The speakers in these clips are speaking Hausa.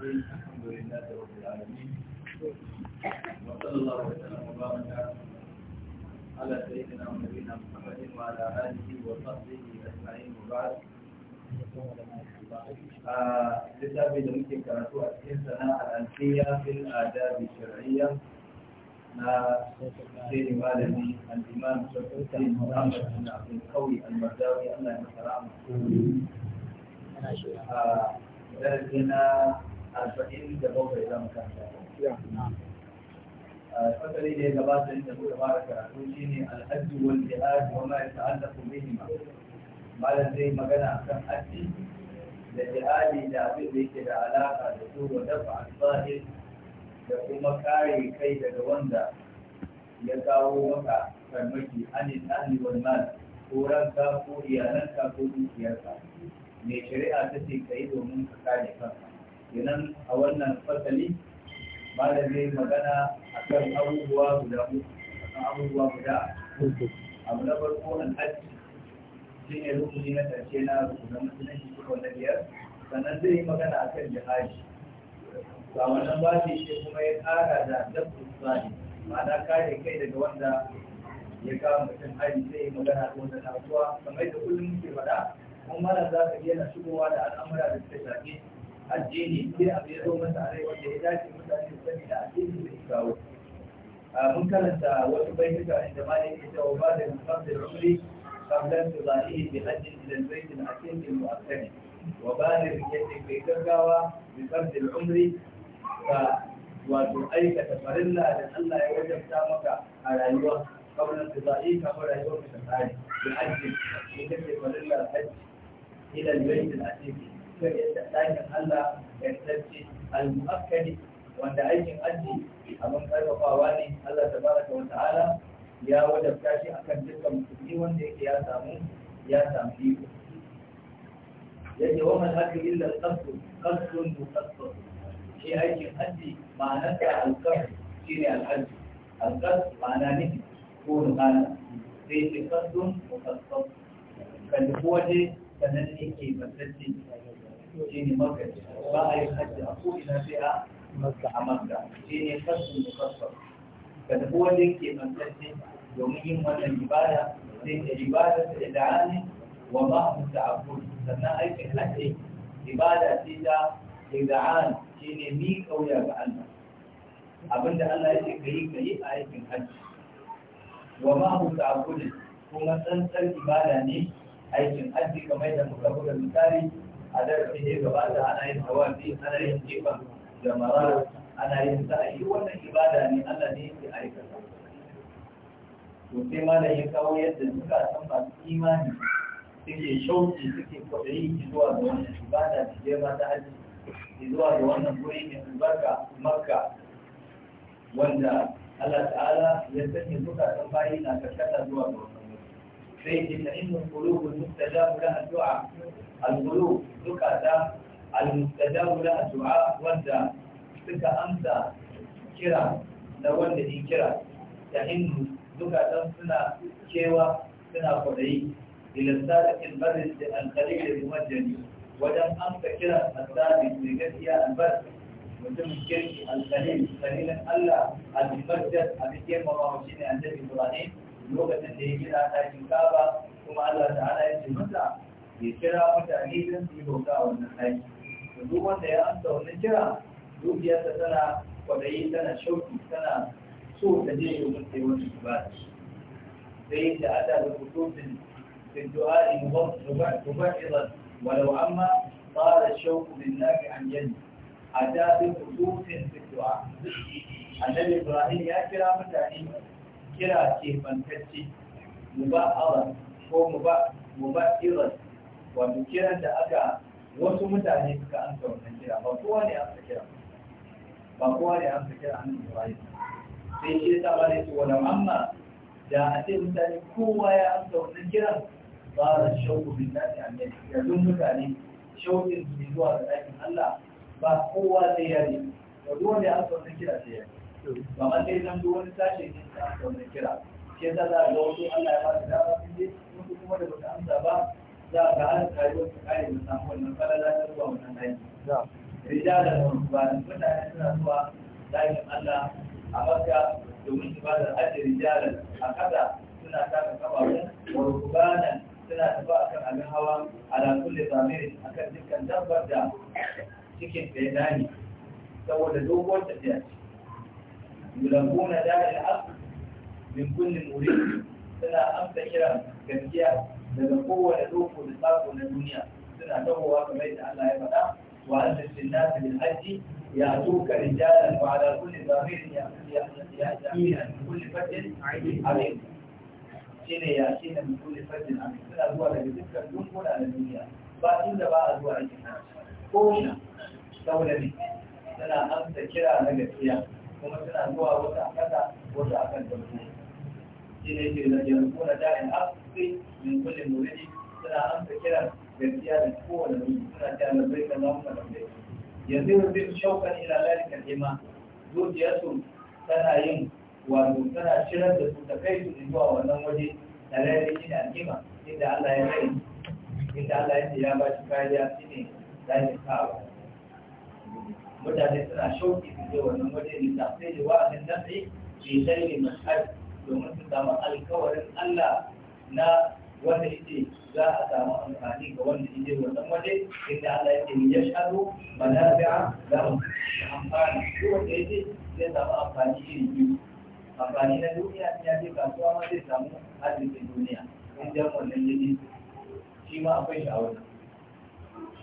الحمد لله رب العالمين وصلى الله وسلم وبارك على سيدنا ونبينا محمد وعلى اله وصحبه اجمعين وبعد لتابي da muke karatu a cikin sana'ar alfiya fil adabi shar'iyya na sai malami al-imam Shafi'i Muhammad bin Abdul Qawi al-Mardawi Allah ya masa rahama. Darasi na arba'in da bakwai za kanta fasali da ya gabata inda muka fara karatu shine alhaji wal jihad wa ma yata'allaqu bihima malam zai magana akan haji da jihadi da abin da yake da alaka da su wa dafa asahil da kuma kare kai daga wanda ya kawo maka farmaki anil ahli wal mal ko ranka ko iyalanka ko dukiyarka me shari'a ta ce kai domin ka kare kanka kenan a wannan fasali ba da zai magana kan abubuwa guda akan abubuwa guda abu na farko alhaji shi ne rukuni na ƙarshe na rukunan shi kuma wanda biyar sannan zai yi magana a kan jihadi ba wannan ba shi kuma ya ƙara da dabbu tsari ma'ana kare kai daga wanda ya kawo mutum hari zai yi magana ko da kasuwa kamar da kullum muke faɗa kuma mana za ka iya na shigowa da al'amura da suka shafi addini sai abu ya zo masa rai wanda ya dace mutane sani da addini da kawo mun karanta wasu bayyuka inda ma yake cewa ba da musamman rumli kamlan su zanihi bi hajjin idan baitin a cikin mu'akkani wa ba da yake kai gaggawa bi kamlan umri ka wato aikata farilla da Allah ya wajabta maka a rayuwa kamar su zanihi kamar rayuwar ka ta tsari bi hajjin farilla hajji baitin a cikin suka yadda ɗakin Allah ya tsarki al-mu'akkadi wanda aikin aji abin karfafawa ne Allah ta baraka wa ta'ala ya wadabta shi akan dukkan musulmi wanda yake ya samu ya samu iko yake wa man haka illa al-qasdu qasdun muqassad shi aikin aji ma'anar da al-qasd shine al-hajj al-qasd ma'ana ne ko nuna sai ce qasdun muqassad kan waje sananne ke basacce shine makka ba a yi hajji a ko'ina sai a makka a makka shine kasu mukassar ka tafi wanda yake mantacce domin yin wannan ibada sai da ibada ta da'ani wa ma'amu ta'abbud sannan aikin hajji ibada ce ta da'ani shine mi kauya ga Allah abinda Allah yake kai kai a aikin hajji wa ma'amu ta'abbud kuma tsantsar ibada ne aikin hajji kamar da muka buga misali a darasin ya gabata ana yin tawafi ana yin jifa da mara ana yin sa'ayi wannan ibada ne Allah ne yake aikata to sai malam ya kawo yadda suka san masu imani suke shauki suke kwaɗayi zuwa ga wannan ibada da jema ta haji zuwa ga wannan guri mai albarka makka wanda Allah ta'ala ya sanya zukatan bayi na karkata zuwa ga wannan zai فإن القلوب المستجاب لها الدعاء القلوب زكاة المستجاب لها الدعاء والدعاء suka amsa kira na wanda in kira da hindu zukatan suna cewa suna kwaɗayi ilasta da ilbarin da alkalai da mumajani wajen amsa kira asali mai gaskiya albar mutumin kirki alkalai kalilin allah al-mumajad abin girmama shi ne lokacin da ya gina ɗakin kaba kuma Allah ta'ala ya ce masa ya kira mutane don su yi bauta a wannan ɗaki da duk wanda ya amsa wannan kira dukiyarsa tana kwaɗayi tana shauki tana so ta je domin ta yi wani ibada sai da ada da kutubin في الدعاء مبعضا ولو أما طال الشوق بالنافع عن يده da, بخصوص في الدعاء النبي Ibrahim, ya kira mutane. kira ce bantacce mu ba awan ko mu ba mu ba iran wato kiran da aka wasu mutane suka amsa wannan kira ba kowa ne amsa kira ba kowa ne amsa kira an Ibrahim sai shi ta bane su wala amma da a ce mutane kowa ya amsa wannan kira ba da shauku bin dadi amin yanzu mutane shaukin su zuwa ga dakin Allah ba kowa sai ya ne ba kowa ne amsa wannan kira sai ya ne kamar dai zan duk wani sashen yin sa da wani kira shi yasa za a ga wasu Allah ya ba da dama sun je wasu kuma da bata amsa ba za a ga har rayuwar su kare da samu wannan falala ta zuwa wannan aiki rijalar rubanin mutane suna zuwa dakin Allah a Makka domin da hajji rijalar a kasa suna taka kafafu wa rubanan suna a kan abin hawa ala kulli a akan dukkan dabbar da cikin da ya dani saboda doguwar tafiya ce يلقون داء العقل min كل مريد suna amsa kira gaskiya daga kowane doko da sako na duniya suna dawowa kamar yadda Allah ya faɗa wa anzal linnasi bil hajji ya tuka rijalan wa ala kulli zamirin ya ya ya ya kulli fatin alim shine ya shine min kulli fatin alim suna zuwa daga dukkan dunkuna na duniya ba inda ba a zuwa aikin ko ina saboda ne suna amsa kira na gaskiya kuma suna zuwa wata a kasa wata akan kan dabbo shi ne ke zargin kuna da'in haƙƙi min kullum muridi suna amsa kiran gaskiya da kowane wuri suna ta labai ka zama ka labai yanzu mun bi shaukan ila lalika hima zuciyarsu tana yin wato tana shirar da su ta kai su zuwa wannan waje da lalika da alkima inda Allah ya rai inda Allah ya ya ba shi kariya shine zai kawo mutane suna shauki su je wannan waje ne ta sai da wa'azin nafi ke sai ne mashhad domin su samu alkawarin Allah na wanda yake za a samu amfani ga wanda yake wannan waje inda Allah yake ya shado manafi'a da amfani ko wanda yake zai samu amfani iri biyu amfani na duniya ne ya je kasuwa ma zai samu arzikin duniya in jan wannan yaji shi ma akwai shawara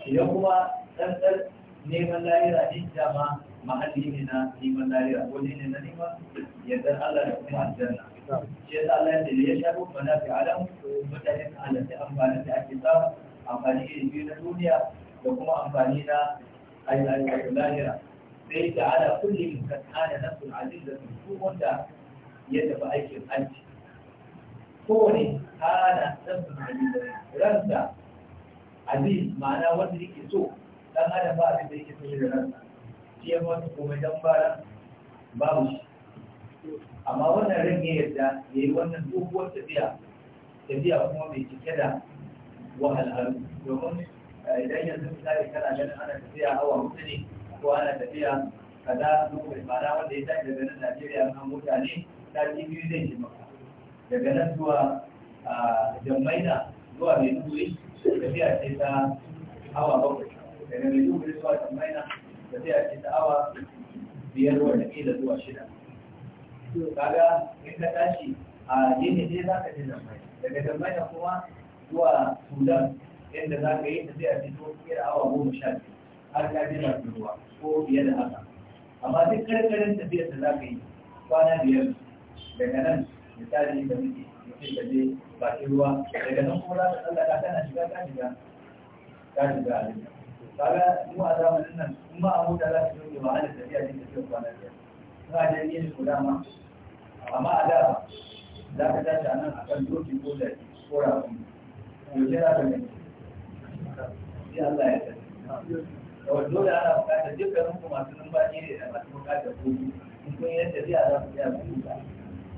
idan kuma ɗan neman lahira din ma, mahalli ne na neman lahira ko ne na neman yadda Allah da kuma aljanna shi yasa Allah ya tsere ya shafi mana fi alam mutane Allah halarci amfanin da ake samu amfani da biyu na duniya da kuma amfani na ayyukan lahira sai da ala kulli min kana nafsul azizatu su wanda ya tafi aikin hajji kowane kana nafsul azizatu ranta aziz ma'ana wanda yake so dan adam ba abin da yake so da ransa shi ya mutu kuma dan bara babu shi amma wannan ran yadda ya yi wannan doguwar tafiya tafiya kuma mai cike da wahalhalu domin eh, idan yanzu misali kana ganin ana tafiya awa hudu ne ko ana tafiya kaza mai fara wanda ya tafi daga nan Najeriya kan mutane sati biyu zai ce maka daga nan zuwa ah, Jammaina zuwa mai Maiduguri tafiya ce ta hawa bakwai daga mai dubu zuwa jimaina da sai a ce ta awa biyar wanda kila zuwa shida kaga in ka tashi a yini ne za ka je jimaina daga jimaina kuma zuwa sudan yadda za ka yi ta sai a ce kira awa goma sha biyu har ka je bakin ruwa ko fiye da haka amma duk karkarin tafiyar da za ka yi kwana biyar daga nan misali da muke mutum da je bakin ruwa daga nan kuma za ka tsallaka tana shiga ta shiga ta shiga a kaga mu a zamanin nan in ba abu da za su yi ba ana tafiya ne tafiya kwana biyar ba da yin su dama amma a da za ka tashi a nan a kan doki ko da ko rafin yau ce za ka gani sai Allah ya tafi kawai dole ana bukatar dukkanin ku masu numfashi ne da masu bukatar kogi in kun yi tafiya za ku iya bukuta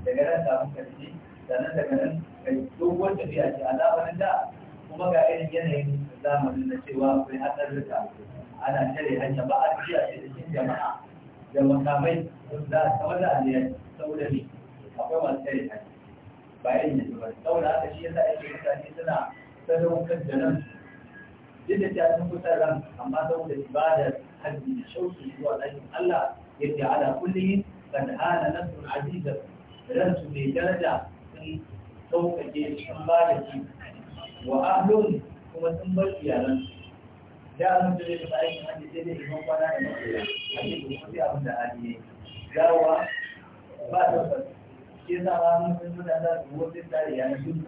daga nan samu karshe sannan daga nan kai doguwar tafiya ce a zamanin da kuma ga irin yanayin zamanin da cewa kai akwai hatsarurruka ana tare hanya ba a tafiya ce cikin jama'a da makamai za a da aliyar saboda ne akwai masu tare hanya ba yin yanzu ba saboda haka shi yasa ake mutane suna sadaukar da nan duk da ta sun kusa ran amma saboda ibadar hajji da shauki zuwa ɗakin Allah ce ala kullum kan hana nasu azizar ransu mai daraja sun sauƙaƙe sun ba da shi wa ahlun kuma sun bar iyalan da abin da zai fita aikin hajji sai da iman kwana da makoya a yi kuma sai abin da hali ne gawa ba tabbas Ke sa ma mun sun suna za su wuce tare yana duk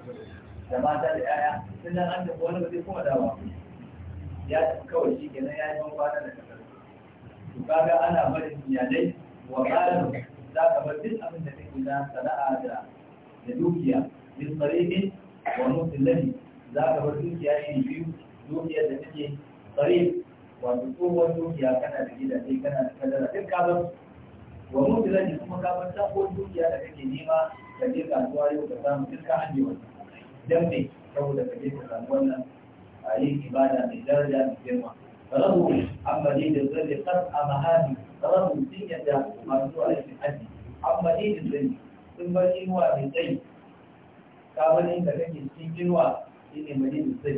da mata da yaya sun nan an tafi wani ba zai kuma dawowa ya tafi kawai shi kenan ya yi ban kwana da kasar to kaga ana barin iyalai wa ƙarin za ka bar duk abin da kake na sana'a da da dukiya min tsarihin wa musulmi za ka bar dukiya iri biyu dukiyar da take tsare wato tsohuwar dukiya kana da gidaje kana da kadara duk ka bar wa mutilani kuma ka bar sabuwar dukiya da kake nema ka je kasuwa yau ka samu duk ka hanyar wannan dan me saboda ka je ka samu wannan a yi ibada mai daraja mai girma rabu amma ne da zai kan a mahadi rabu sun yadda masu zuwa aikin hajji amma ne da zai sun bar inuwa mai tsayi ka bar inda kake cikin inuwa shine mani sai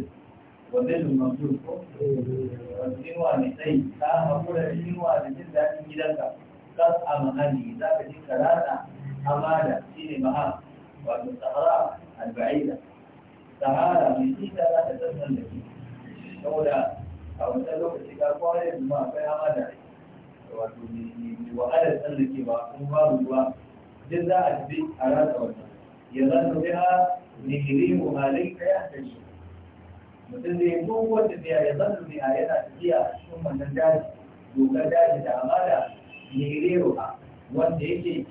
wannan lumatu ko eh, inuwa mai tsayi ta hakura da inuwa da jin daɗin gidanka kas a mahalli za ka ji karata hamada shine maha wato sahara alba'ida sahara mai tsita za ta tsantsan da ke saboda a wancan lokaci ka kware da ma akwai hamada wato mai wahalar tsallakewa kuma babu ruwa duk za a tafi a rasa wannan ya zan biya mihrimu ma laysa yahtaji mutum zai yi wanda zai ya zanto ne a yana tafiya a cikin wannan daji dokar daji da amana mihrimu ha wanda yake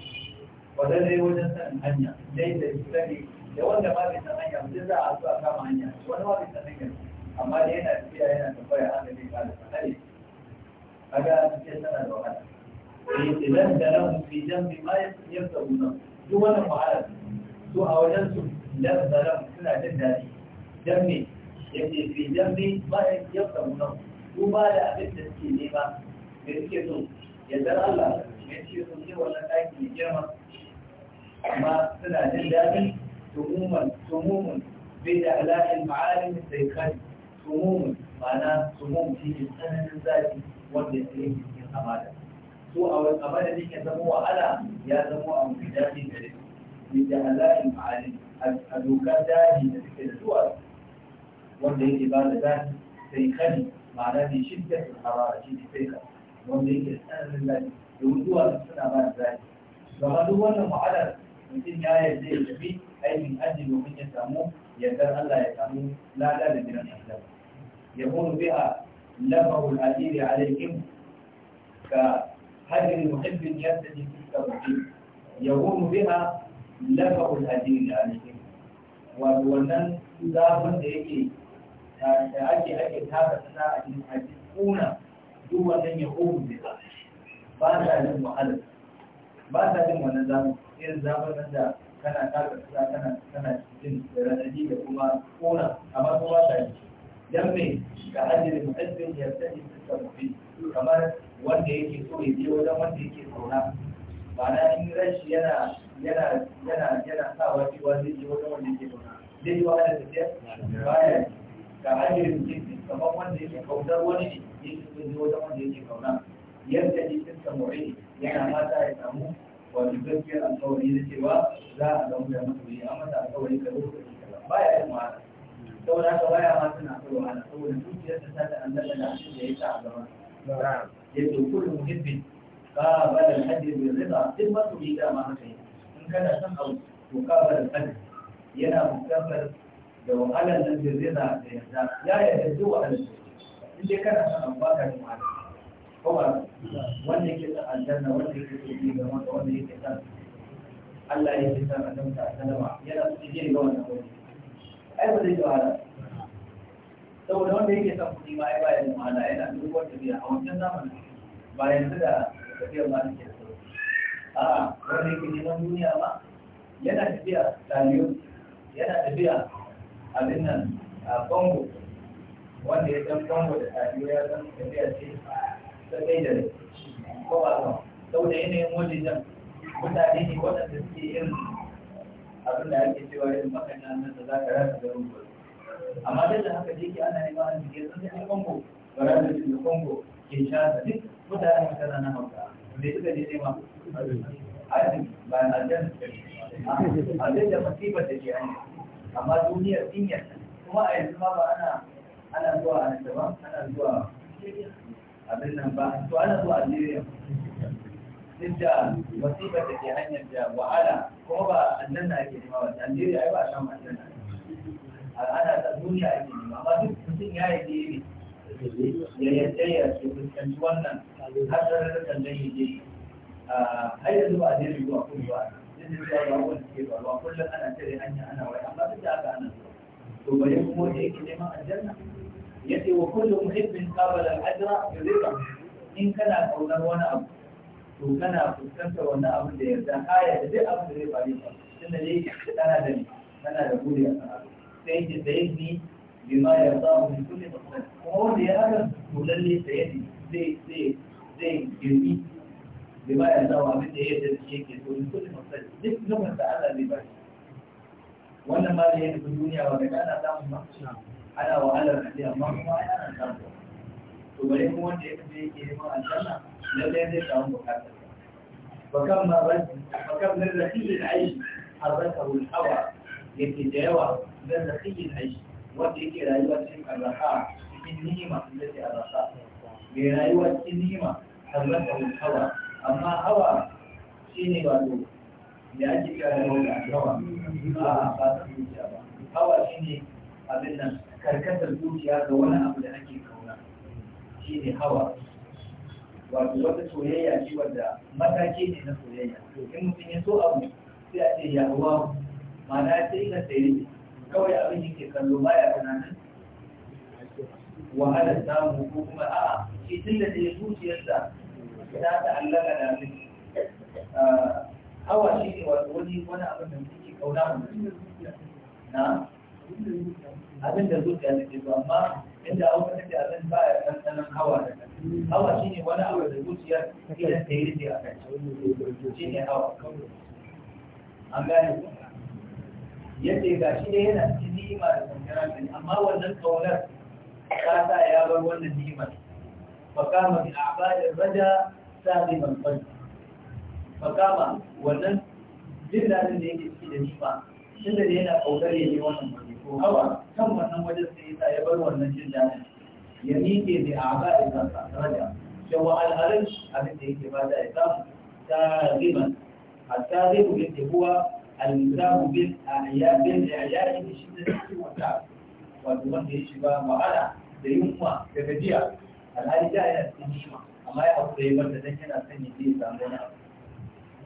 kwadar wajen san hanya dai da sani da wanda ma bai san hanya mutum za a zuwa kama hanya wani ma bai san hanya amma da yana tafiya yana tambaya haka zai kada sanare kaga tafiya tana da wahala idan da lahu fi jambi ma yasabuna duk wannan wahala to a wajen su lazzaran suna jin daɗi don me yake fi don ba ya yau samu nan su ba da abin da suke nema da suke so yardar Allah ya ce sun ce wannan ɗaki ya girma amma suna jin daɗi tumuman tumumun bai da alaƙin ma'alin sai kai tumumun ma'ana tumum shi ne tsananin zafi wanda ya tsaye yin hamada so a madadin ya zama wahala ya zama abu da daɗi gare su بجهلاء معالم abokan daji da suke da zuwa wanda yake ba da daji sai kani ma'ana ne shidda da harara shi ne sai kani wanda yake da tsananin daji domin zuwa suna ba da daji gama duk wannan ma'anar mutum ya yarda ya tafi aikin aji domin ya samu yardar Allah ya samu lada da jiran Allah ya kuma bi'a lafahul ajiri alaihim ka hajjin muhibbin yadda ne suka mutum ya kuma bi'a lafa'ul addini da alheri wato wannan zafin da yake da ake ake tara suna a cikin hadis kuna duk wannan ya hukun da ba ba sa jin wahala ba sa jin wannan zafin irin zafin nan da kana tara suna kana kana cikin radadi da kuma kuna amma kuma ba ta ji dan me ga ajiri mu'azzin ya tsani ta mu'min kamar wanda yake so ya je wajen wanda yake sauna ba na in rashi yana yana yana yana sa wa cewa zai je wata wanda ke zauna zai yi wahala tafiya baya ga ajirin jinsi kamar wanda yake kautar wani ne yake sun je wata wanda yake kauna yadda jikin samuri yana mata ya samu wato gaskiyar alkawari da cewa za a zama da masoyi a mata alkawari ka zuwa kashi kaza baya yin wahala saboda haka baya ma suna kai wahala saboda zuciyar ta ta da Allah da shi da ya sa a gaba yadda kullu muhibbin قابل الحج بالرضا ثم تريد ما yi. in kana son a mukabar kan yana mukabar da wahalar nan da zai na da yadda. ya yarda duk wahalar in dai kana son a baka da wahala Kuma wanda yake son aljanna wanda yake son yi da wanda wanda yake son Allah yake son a san ta sallama yana son ji ga wannan wani ai ba zai da wahala saboda wanda yake son kuɗi ma ai ba ya da wahala yana duk wanda biya a wancan zamanin ba su da tafiyar ma take a ranar ke neman duniya ba yana tafiya taliyo yana tafiya abin nan a bango wanda ya san bango da taliyo ya san tafiya ce ta kai da rai ko ba sau da yanayin wajen jan mutane ne waɗanda suke irin abin da ake cewa irin makanya nan da za ka rasa garin gobe amma duk da haka jiki ana neman arziki sun sai bango ba za su da bango ke sha duk mutane mutane na hauka me suka je nema azumi bayan aljanna aljanna masifa da ke hanyar amma duniyar dinyar kuma a yanzu ma ba ana ana zuwa a ba ana zuwa abin nan ba to ana zuwa Algeria duk da masifa da ke hanyar da wahala kuma ba aljanna ake nema ba Algeria ai ba a samu aljanna al'ada ta duniya ake nema amma duk mutum ya yi ne ya yadda ya fuskanci wannan har ne a yanzu ba a zuwa ba kullum ana tare hanya ana wai amma duk da haka zuwa to kuma ya ce wa kullum in kana kaunar wani abu to kana fuskantar wani abu da yarda haya da duk abu da zai faru ba tunda dai kana da kana da buri a sai ce da yake bima ya wani kullum. kuma wanda ya haɗa to lalle sai zai zai girbi da ba ya zawa abin da ya da shi yake so in kullum masali duk nufin da Allah zai ba shi wannan ma da ya nufi duniya ba daga ana samun ba ana wahalar hadi amma kuma ai ana samun to bare mu wanda ya kaje yake neman aljanna lallai zai samu bukatar فكم فكم من رخي العيش حركه الهوى يتجاوى من رخي العيش وتلك رايوة الرخاء النيمة التي الرخاء برايوة النيمة hallaka hawa amma hawa shine wato da ake kira da wani hawa a ba ta zuciya ba hawa shine abin nan karkatar zuciya ga wani abu da ake kauna shine hawa wato wata soyayya ce wadda mataki ne na soyayya in mutum ya so abu sai a ce ya hawa ma'ana sai ka tsaye kawai abin ke kallo baya tunanin wahalar samu ko kuma a'a shi tun da dai zuciyarsa ya ta'allaka da mutum hawa shi ne wato wani wani abin da muke kauna mu na abin da zuciya take to amma inda auka take abin ba ya tsantsanan hawa da hawa shi ne wani abu da zuciya idan ta yi da aka shi ne hawa an gane ku yace ga shi ne yana cikin ni'ima da kankara ne amma wannan kaunar ta sa ya bar wannan ni'imar fa kama bi a'badir raja ساغما القلب فقام ولن جدا من da في نشفة tunda da yana ƙaunar ya yi wannan wani ko hawa kan wannan wajen sai yasa ya bar wannan jin daɗin ya miƙe da a ba a zasa da cewa al'adun abin da yake da ya samu ta a ta zai ku bin tebuwa al bin a ayyabin da yi da shi da cikin wata wato wanda ya shiga wahala da yunwa da gajiya al'adun da yana cikin nima ما يعطي بلد هنا سنة دي سامنا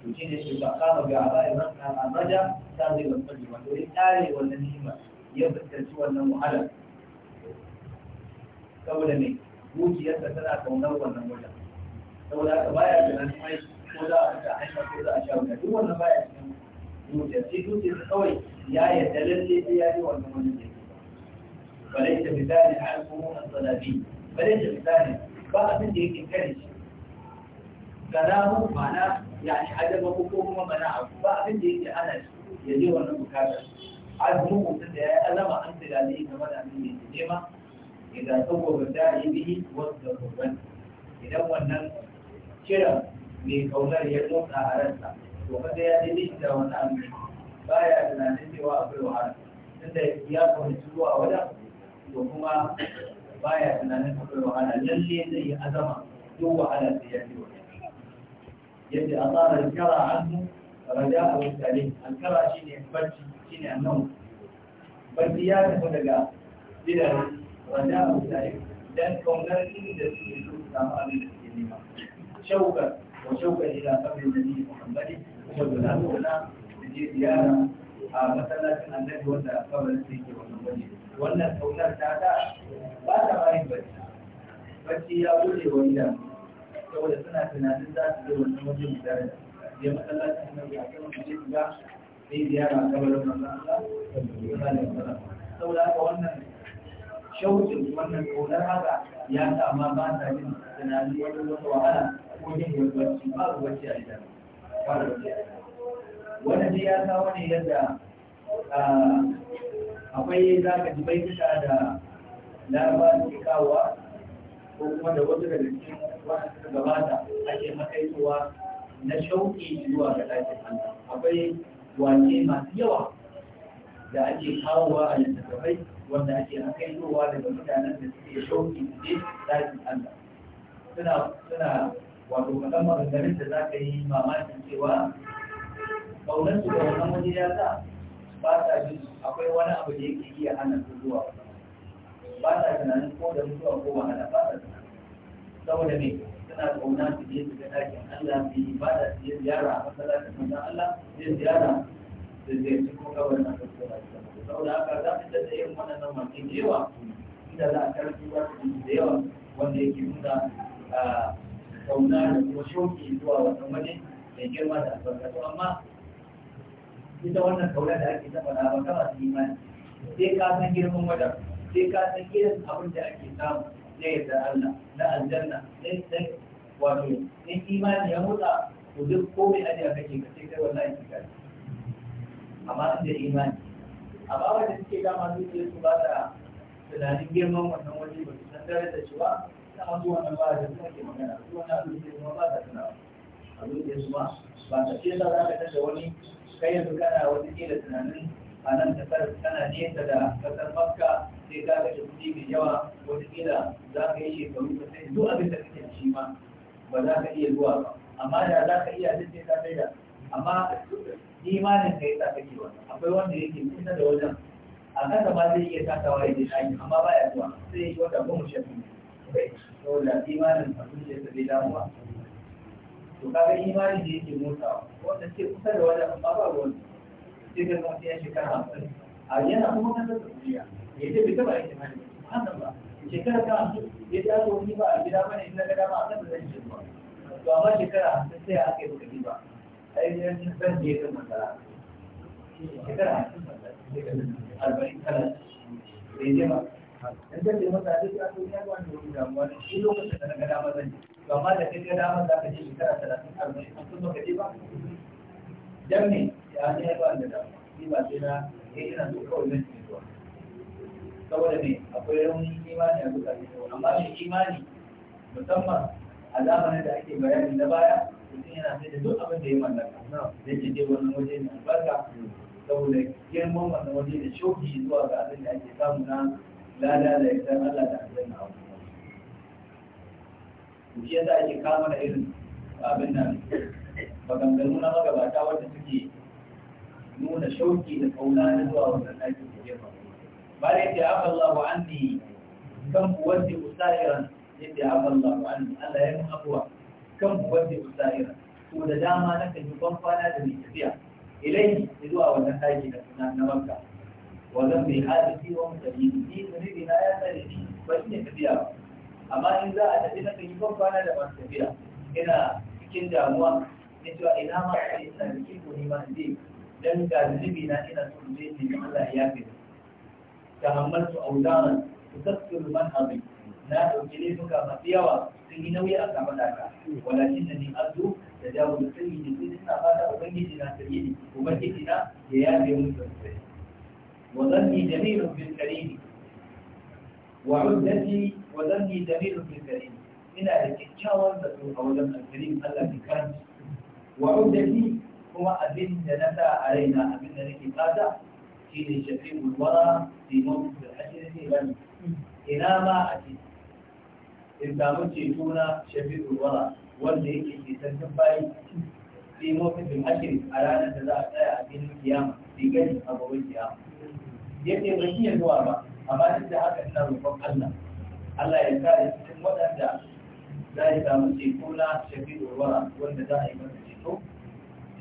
وجين الشفاء قاموا بأعضاء مكة مجا سادي والفجر والدوري تالي والنهيمة يبت كالسوى النمو على قولا مي بوجي يسأل سنة كون نوو النمو جا قولا كبايا جنان حيش قولا أشاء حيش قولا أشاء ونا دو النبايا جنان بوجي يسي توسي الخوي يا يتلسي بيالي والنمو جنان فليس بذلك عالمون الصلابين فليس بذلك ba abin da yake kare shi garamu mana yani adama ko kuma mana abu ba abin da yake ana shi ya je wannan bukatar azumin mutum da ya yi alama an tsira ne game da abin da yake nema idan saboda da yi bihi wasu da kurban idan wannan kiran mai kaunar ya motsa a ransa to kada ya je nishi da wannan abin baya tunanin cewa akwai wahala tunda ya kwanci zuwa wajen to kuma baya tunanin akwai wahala lalle zai yi azama duk wahala sai ya fi wa yadda a tsara alkara hannu raja a wasale alkara shi ne barci shi ne annan barci ya tafi daga gidan raja a wasale dan kaunar da suke so su samu abin da suke nema shaukar wa shaukar ila kamar da ne muhammadi wa shaukar da na da je ziyara a masallacin annabi wanda kabarin sai ke wannan waje wannan taunar ta ta ba ta bayan bacci bacci ya gode wa idanu saboda suna tunanin za su je wannan waje mu daraja je masallacin annabi a kan waje su ga sai ziyara kabarin manzon Allah sallallahu alaihi wasallam saboda haka wannan shaukin wannan taunar haka ya sa ma ba ta yin tunanin wani wata wahala ko yin wani bacci ba bacci a gida. ba bacci a idanu wannan dai ya kawo ne yadda akwai za ka ji bai fita da labarin cikawa ko kuma da wasu daga cikin wasu suka gabata ake makaitowa na shauƙi zuwa ga ɗakin Allah akwai wace masu yawa da ake kawowa a littattafai wanda ake makaitowa daga mutanen da suke shauƙi su je ɗakin Allah suna suna wato kaɗan maganganun da za ka yi mamakin cewa kaunar su da wannan wani ya sa ba sa jin akwai wani abu da yake iya hana su zuwa ba sa tunanin ko da mutuwa ko wahala ba sa tunanin saboda me suna kauna su je su ga ɗakin Allah su yi ibada su je ziyara a masallacin manzon Allah su je ziyara su ziyarci kuma kabarin a kan saboda haka za mu da yin wannan masu da yawa inda za a karfi ba su da yawa wanda yake nuna ah, kauna da kuma shoki zuwa wannan waje mai girma da albarkatu amma Kita wannan kaula da ake ta faɗa ba kama su imani sai ka girman wajen sai da ake samu na yadda Allah na aljanna sai sai wato in imani ya motsa to duk komai ajiya kake ka sai kai wallahi ki kai amma in da imani amma wanda suke dama zuciyar su ba da tunanin girman wannan waje ba su san darajar shi ba sama zuwa nan ba da kuma ke magana zuwa na zuciyar kuma ba da tunawa a zuciyar ba ba ta za ka wani kai yanzu kana wata kila tunanin a nan kasar kana nesa da kasar makka sai ka ga kuɗi mai yawa wata kila za ka yi shekaru ba sai duk abin da kake shi ma ba za ka iya zuwa ba amma da za ka iya duk sai ka sai da amma imanin kai sa kake wannan akwai wanda yake kusa da wajen a kasa ba zai iya takawa ya je ɗaki amma baya zuwa sai ya yi wata goma sha biyu saboda imanin a zuciyarsa bai damuwa to kaga imani yake mota wanda ke kusa da wani amma ba wani sai ka zama ya shekara hamsin a yana kuma kan zata ya ce yake mani hannun ba shekara ta hamsin ya ba a gida bane ina ga a kan da zan shi ba to amma shekara hamsin sai aka yi bukaki ba a yi yanzu zan je kan masara shekara hamsin arba'in je ba dan da da shi ne wani damuwa shi na zan kai za ka je je ba ba sai na eh, ina so saboda me akwai rauni imani a zuka ne amma shi imani musamman a zamanin da ake bayani na baya mutum yana sai da duk abin da ya mallaka zai ke je wannan waje mai albarka hmm. saboda girman wannan waje da shoki zuwa ga abin da ake samu na lada da ita Allah da aljanna a wurin shi yasa ake kama da irin abin nan maganganu na magabata wanda suke nuna shauki da kauna na zuwa wannan ɗaki da jefa ba da yake afa Allah wa anni kan kuwati usairan yadda afa Allah wa anni Allah ya mun abuwa kan kuwati usairan to da dama na kan yi kwana da mai tafiya ilai zuwa wannan ɗaki na makka wannan bai hada shi wa mutane ni ne ne na ya tsare ni ba ne tafiya amma in za a tafi na kan yi ban kwana da masu tafiya ina cikin damuwa na cewa ina ma a yi ina cikin ko ni ma je dan ga zubi na ina son zai ne Allah ya fi ta hammar su audana su tafsir man abu. na ɗauki laifuka masu yawa sun yi nauyi a kama daga walakin da ni azu da jawo da sanyi da sun suna fata ubangiji na sanyi ubangiji na ya yafe musu da sanyi وظني جميل بالكريم وعدتي وظني جميل بالكريم ina da kyakkyawan zato wajen alkarim Allah ki karanta wa udaki kuma abin da na sa a raina abin nake fata shi ne shafi gulwara limon ne ban ina ma a ce in samu ceto na shafi wanda yake ke a ranar da za a tsaya a filin kiyama a gaban kiyama yake bai iya zuwa ba amma duk da haka ina roƙon Allah Allah ya kare cikin waɗanda za a yi samu ceto na shafi dorwara wanda za a yi masa ceto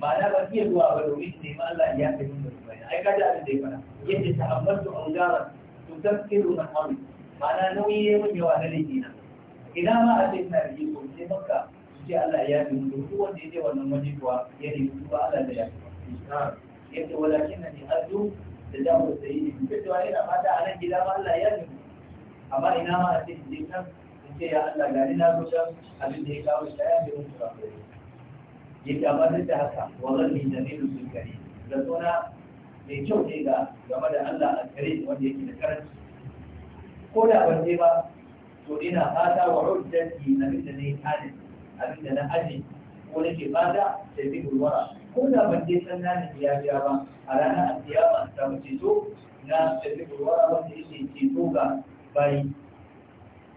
ma'ana ba iya zuwa ba domin nemi Allah ya kai mun da bayan ai kaji abin da ya fara yadda ta'ammaltu angara to tafsiru man hamid ma'ana nauyi ya mun yawa na laifi na ina ma a ce ina da iko sai maka ce Allah ya kai mun da wanda ya je wannan waje kuwa ya nemi ba Allah da ya kai mun yadda walakin na ne addu da jan musayi ne duk da yana fata a nan gida ma Allah ya nufi amma ina ma a ce in je kan in ce ya Allah gani na zo can abin da ya kawo shi ya biyo musu rafi yake amma duk da haka wannan ne da nilu sun kare da suna mai kyau ne ga game da Allah a kare wanda yake da karanci ko da ban je ba to ina fata wa hujjati abin da ne tani abin da na aji ko ke bada da zai ko da ban je san na ni ya biya ba a ranar alkiyama ta mu to na da zai gurwara wanda yake ceto ga bayi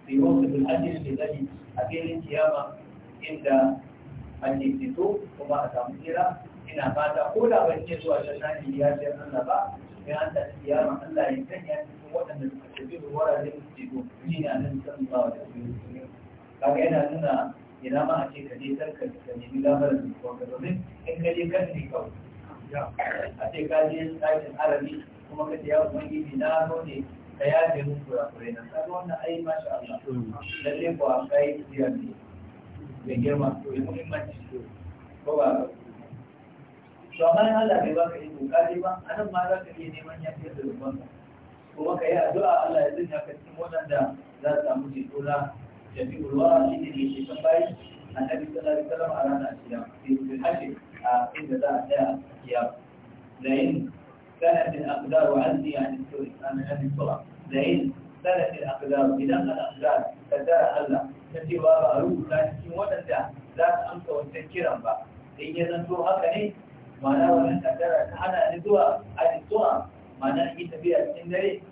sai wasu bil ajir da zai a kenan kiyama inda ake ceto kuma a samu kira ina fata ko da ban je zuwa san na ni ya biya Allah ba sai an ta kiyama Allah ya sanya cikin waɗanda suka tafi gurwara zai ceto shi ne a nan san ba da kaga yana nuna ina ma a ce ka je tarka ka nemi lamarin da ka domin in ka je kan ne kawai a ce ka je ɗakin arabi kuma ka ce ya ubangiji na zo ne ka ya ce mun kurakurai na kaga wannan ai masha Allah lalle ko a kai ziyar ne da girma to ya muhimmanci ko ba to amma in Allah bai baka iko ka je ba anan ma za ka iya neman yafiyar da rubanka kuma ka yi addu'a Allah ya zanya ka cikin waɗanda za su samu ceto na jadi keluar ini di sampai ada di sana di dalam arah siap di hati hati ah, kita ada siap lain karena di akhbar wahdi yang itu karena di sholat lain karena di akhbar tidak ada akhbar kata Allah jadi wara ruh semua nanti dan antara sekiran pak ini tentu hak ini mana orang kata ada ada dua ada dua mana ini tapi ada sendiri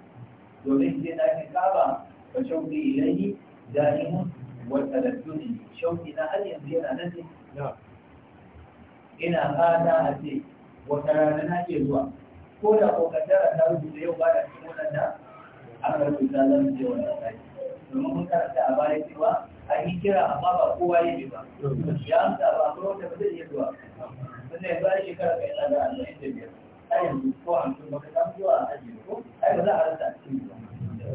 boleh dia nak kabar macam ni lagi دائم والتلذذ شوقي لا هل يمضي انا نسي ina fata a ce wata rana na ke zuwa ko da ko ka tara ta rubuta yau ba da cikin wadanda aka rubuta zan je wannan sai domin mun karanta a baya cewa an yi kira amma ba kowa yi ba ya amsa ba ko wanda ba zai iya zuwa sannan ya bayan shekara kai na da arba'in da biyar a yanzu ko hamsin ba ka samu zuwa a ko ai ba za a rasa a cikin zuwa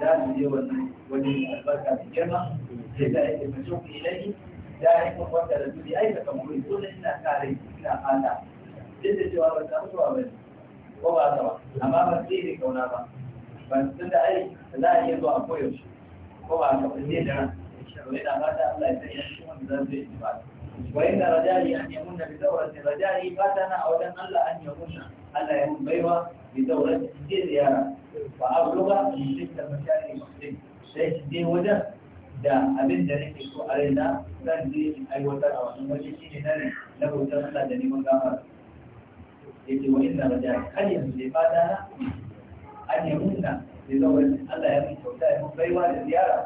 za su je wannan wani albarka mai girma sai da yake mace ku ilai da yake wanda da duniya ai da kan gurin dole ina kare ina fata duk da cewa ban samu mutuwa ba ko ba ta ba amma ba sai ne kauna ba ban san da ai za a iya zuwa a koyaushe ko ba ta ba sai da ran to ina fata Allah ya sanya shi wanda zan yi ba وإن رجائي أن يمن بدورة رجائي فاتنا أولا ألا أن يمن ألا يمن بيوة بدورة جزيرة ba a ruwa da shirka mutane musulun sai ki je wajen da abin da nake so a raina zan je in aiwatar a wannan waje shi ne nan na bautar Allah da neman gafara yake wa inna raja kar yanzu dai fata na an yi munna da zaurin Allah ya fi kyauta ya fi baiwa da ziyara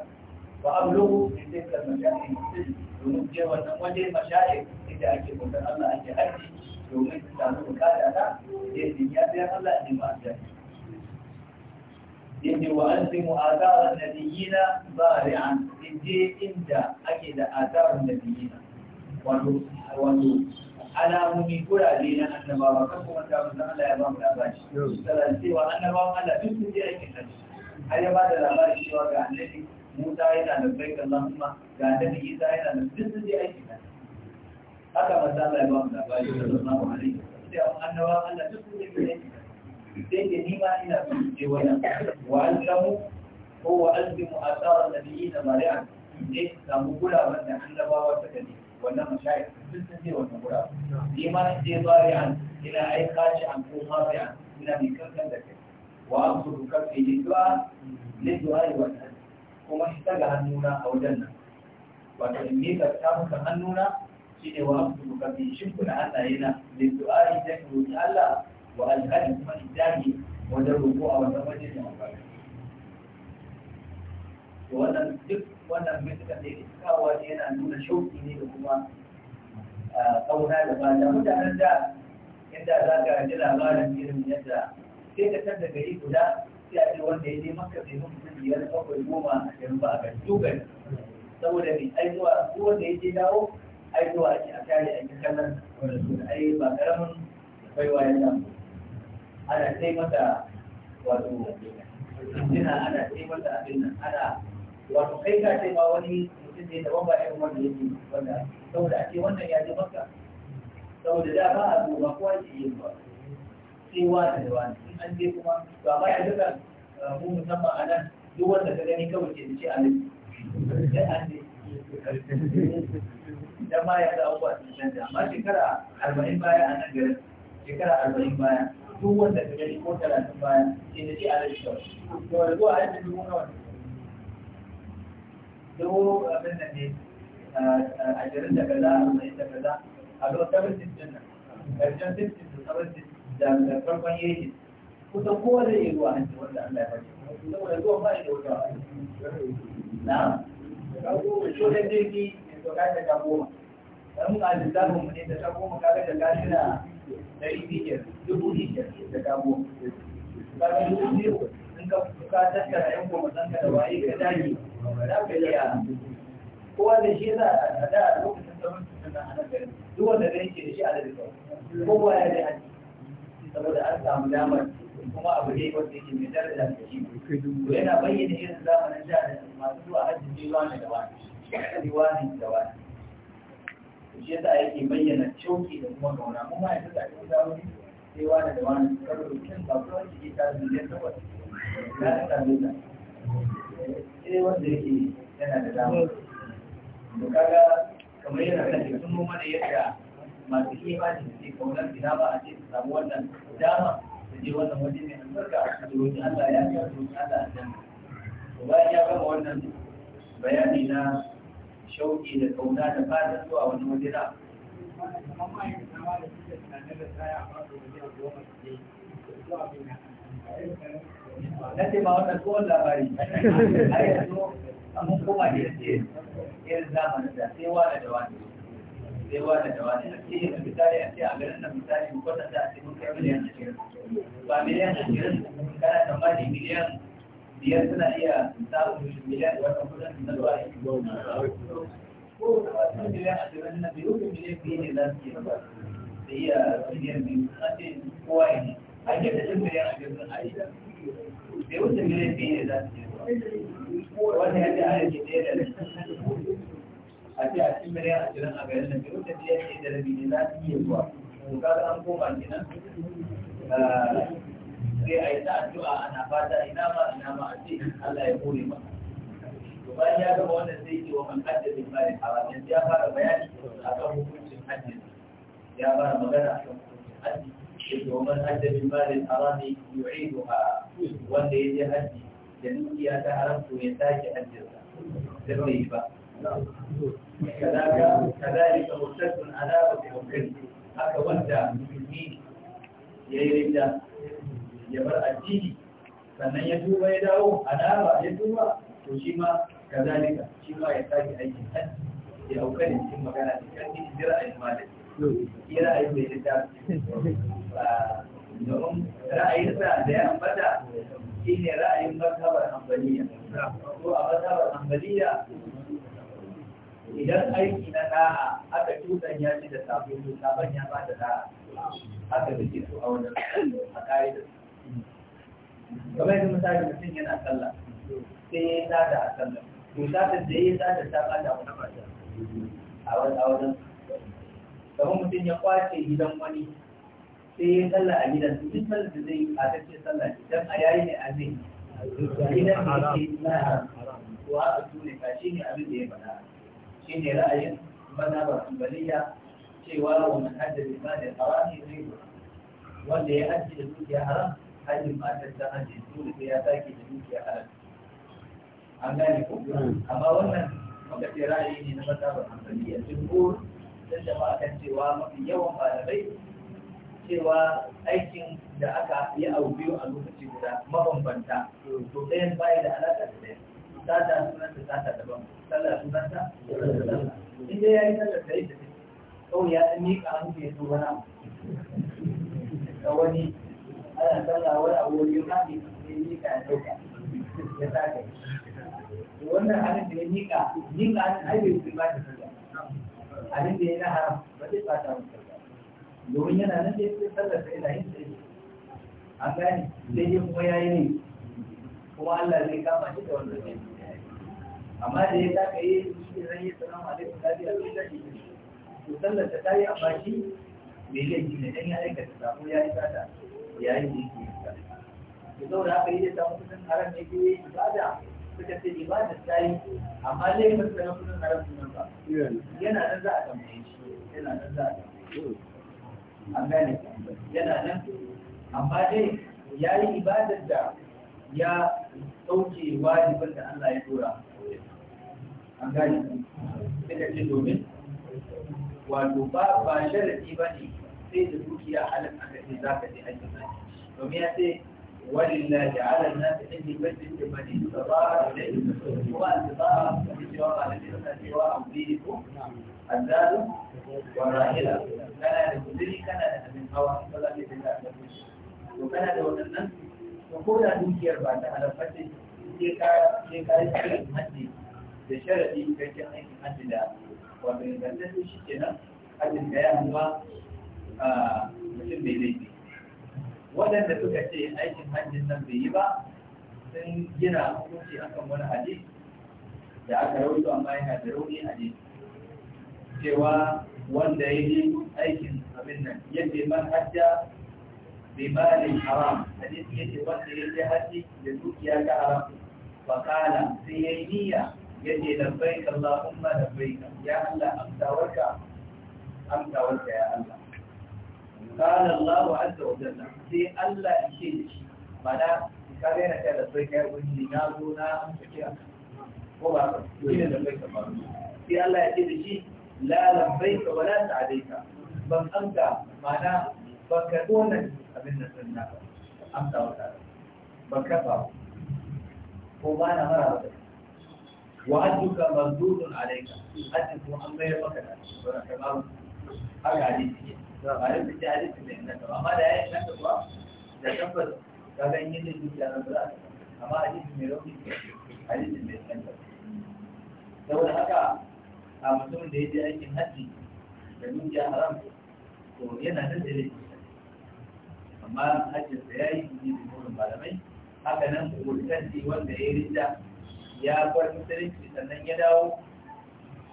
wa ablugu in shirka mutane musulun domin je wannan waje mashaye inda ake bautar Allah ake haji domin su samu bukata ta yadda ya biya Allah ne ba a jami'a yace wa alzimu azara nabiyina bari'an inda inda ake da azara nabiyina wato wato alamomi kurare na ba kan kuma ta manzo Allah ya ba mu labari sallallahu cewa wa annabawa Allah duk sun je aikin hajji har ya ba da labari cewa ga annabi Musa yana da bai Allahumma ga annabi Isa yana da duk sun je aikin hajji haka manzo Allah ya ba mu labari sallallahu alaihi wa sallam annabawa Allah duk sun je aikin hajji sai da ni ma ina son je waya wa alzamu ko wa a da asara nabiyina mari'an sai ka samu guraben da an annabawa suka ne wannan mashayar duk sun ce wannan guraben ni ma in je bari'an ina aika shi an ko mafi'an ina mai kankan da kai wa an su duka fi liduwa liduwa yi wannan kuma shi ga hannuna a wajen nan wato in miƙa ta muka hannuna shi ne wa an su duka fi shimfiɗa hannaye na liduwa yi wuce Allah wa alƙalin malittani wajen roƙo a wannan waje ne amfani to wannan duk wannan mutuka da yake kawo ne yana nuna shauƙi ne da kuma ƙauna da ba da mutanen da yadda za ka ji labarin irin yadda sai ka san da gari guda sai a ce wanda ya je maka sai mun mutum biyar bakwai goma ashirin ba a kan dukan saboda mai aizuwa ko wanda ya je dawo aizuwa ake a kare ake kallon wanda su ai ba karamin baiwa ya samu ana kai mata wato jina ana kai mata abin nan ana wato kai ka ce ma wani mutum ne da wanda irin wanda yake wanda saboda a ce wannan ya je maka saboda da ba a duba a ke yin ba sai wani da wani in an je kuma ba ba ya duka uh, mu musamman a nan duk wanda ka gani kawai ke da ce nan da an je dan ma ya ga abubuwa sun canja amma shekara arba'in baya a nan garin shekara arba'in baya duk wanda ka gani ko talatin baya ke da shi a rashin shawar da wani zuwa a yanzu dubu nawa dubu abin nan ne a jirin da kaza a mai da kaza a zo sabbatin din nan ƙarshen cikin da sabbatin da farkon yeji kusan kowa zai yi zuwa hanci wanda Allah ya saboda zuwa ba da wuta na so da jirgi ne to ka ta goma dan a lissafin mu ne ta goma kaga da ka dari dubu da waye ka dage za ka iya kowa da shi a da a lokacin zaman tunan a nan gari duk wanda da shi a ya da saboda an samu damar kuma abu ne wanda yake mai da shi yana bayyana irin zamanin da masu zuwa hajji ne da wani da wani shi yasa yake bayyana shauki da kuma gauna kuma yanzu da ake zamani sai wani da wani karo kin ba ko shi ta zuciya saboda ya ta zuciya eh, sai wanda yake yana da dama to kaga kamar yana kan cikin mu mana yadda masu iya imani da ke kaunar gida ba a ce su samu wannan dama su je wannan waje mai albarka su roƙi Allah ya ka su roƙi Allah a janna to bayan ya gama wannan bayani na shauƙi da kauna da ba da zuwa wani waje da na ce ma wannan tsohon labari a yanzu mun koma ne irin zamanin da sai wani da wani sai da wani a ce yanzu misali a ce a garin nan misali mu kwatanta a cikin kai miliyan ba miliyan kana tsammani miliyan biyar suna iya samun miliyan wannan kudin na yi wani ko a miliyan ashirin na biyu miliyan biyu ne za su iya ba da iya miliyan biyu na ce kowa ya ne a ke da cin miliyan ashirin a yi da ya wuce miliyan biyu ne za su iya wanda ya ce da a ce a cikin miliyan ashirin a garin na bai wuce miliyan ne da rabi ne za su iya ba to kaga an koma kenan ah, sai a yi ta addu'a ana fata ina ma ina ma a ce Allah ya kore ba. to bayan ya gama wannan sai ke wa man hajjin bari haram yanzu ya fara bayani akan hukuncin hajji ya fara magana akan hukuncin hajji yake wa man hajjin bari haram yu'iduha wanda ya je hajji da dukiya ta haram to ya sake hajjinsa sai bai ba كذلك مرتد على رب حكمه هكذا وانت مسلمين يا ريت ya bar addini sannan ya tuba ya dawo alama ya tuba to shi ma kazalika shi ma ya sake aikin hajji ya auka da cikin magana da kan cikin jira a yamma da shi ra'ayin da ya ta domin ra'ayin sa da ya ambata shi ne ra'ayin mazhabar ambaliya ko a mazhabar ambaliya idan aiki na da'a aka tutan ya ci da sabon ya ba da da'a haka da su a wannan a ka'idar kamar yanzu misali mutum yana sallah sai ya yi tsada a sallah to tsadar da ya yi tsada ta kada wani mata a wani a wajen kamar mutum ya kwace gidan wani sai ya yi sallah a gidan duk sallar da zai yi a tafiya sallah idan a yayi ne a zai gidan da ke na to haka su ne kashi ne abin da ya faɗa shi ne ra'ayin maza mazhabar hanbaliya cewa wani man haddasa ba da ne? zai wanda ya hajji da ya haram hajjin matar ta hajji dole sai ya sake da dukiya halal an gane ko hmm. amma wannan makace ra'ayi ne na ba mazhabar hanbaliya jumhur sun jama'a kan cewa mafi yawan malamai cewa aikin da aka yi a biyu a lokaci guda mabambanta to ɗayan baya da alaƙa da ɗaya sata sunanta sata daban sallah sunanta in dai ya yi sallar da ita kawai ya ɗan miƙa hannu ya so wani abu wani ana sallah wani abu wajen hadi sai mika ya dauka ya yi. wannan hannun da ya mika mika hannun ai bai kuma ta sallah hannun da ya na haram ba zai bata masa domin yana nan da ya fi sallar sai da yin sai an gane sai ya kuma yayi ne kuma Allah zai kama shi da wannan ne amma da ya saka yi shi zan yi salamu alaikum lafiya sai da shi to sallar ta tayi amma shi mai laifi ne dan ya aikata sako ya yi sata yayin da yake yi to zauna aka yi da samu kudin haram ne yi ibada suka ce ibada ta yi amma laifin sa na kudin haram sunan ba yana nan za a tambaye shi yana nan za a tambaye an gane yana nan amma dai ya yi ibadar da ya sauke wajibin da Allah ya dora an gane ka ce domin wato ba ba sharadi ba ne sai da dukiya halin ce za ka je aikin haji domin ولله على الناس حج البيت من استطاع اليه سبيلا واستطاع في سواء الانسان سواء دينكم الزاد والراحله كان لكل كان من هوى فلا في الله وكان لو ان وكل دنيا بعد على فتح كيكا كيكا الحج بشرطي كيكا الحج ده وبالنسبه للشيء هذا الكلام هو آه mutum mai laifi waɗanda suka ce aikin hajjin nan bai yi ba sun gina hukunci akan wani hadisi da aka rawaito amma yana da rauni a ne cewa wanda ya yi aikin abin nan ya ce man hajja bi malin haram hadisi ya ce wanda ya je haji da dukiya ta haram fa kala sai ya yi niyya ya ce labbaik allahumma labbaik ya allah amsawarka amsawarka ya allah قال الله عز وجل في الله يشيل معناه kare na kai da sai kai wani na zo na amsa ko ba shi ne da kai ka faru sai Allah ya ce da shi la labbaika wala ta'alaika ban amsa mana ban ka wannan abin da sun na amsa wata ban ka ba ko ba na mara wata wa ajuka mazdudun alaika ajin ko an mayar maka da shi ba na kai haka hadisi da fice hadisi ya yi da tabbas saboda haka a mutumin da ya je aikin hajji da dukiya haram to yana nan da laifi amma hajjinsa ya yi ne da gurin malamai haka nan kurkanci wanda ya rinda ya bar musulunci sannan ya dawo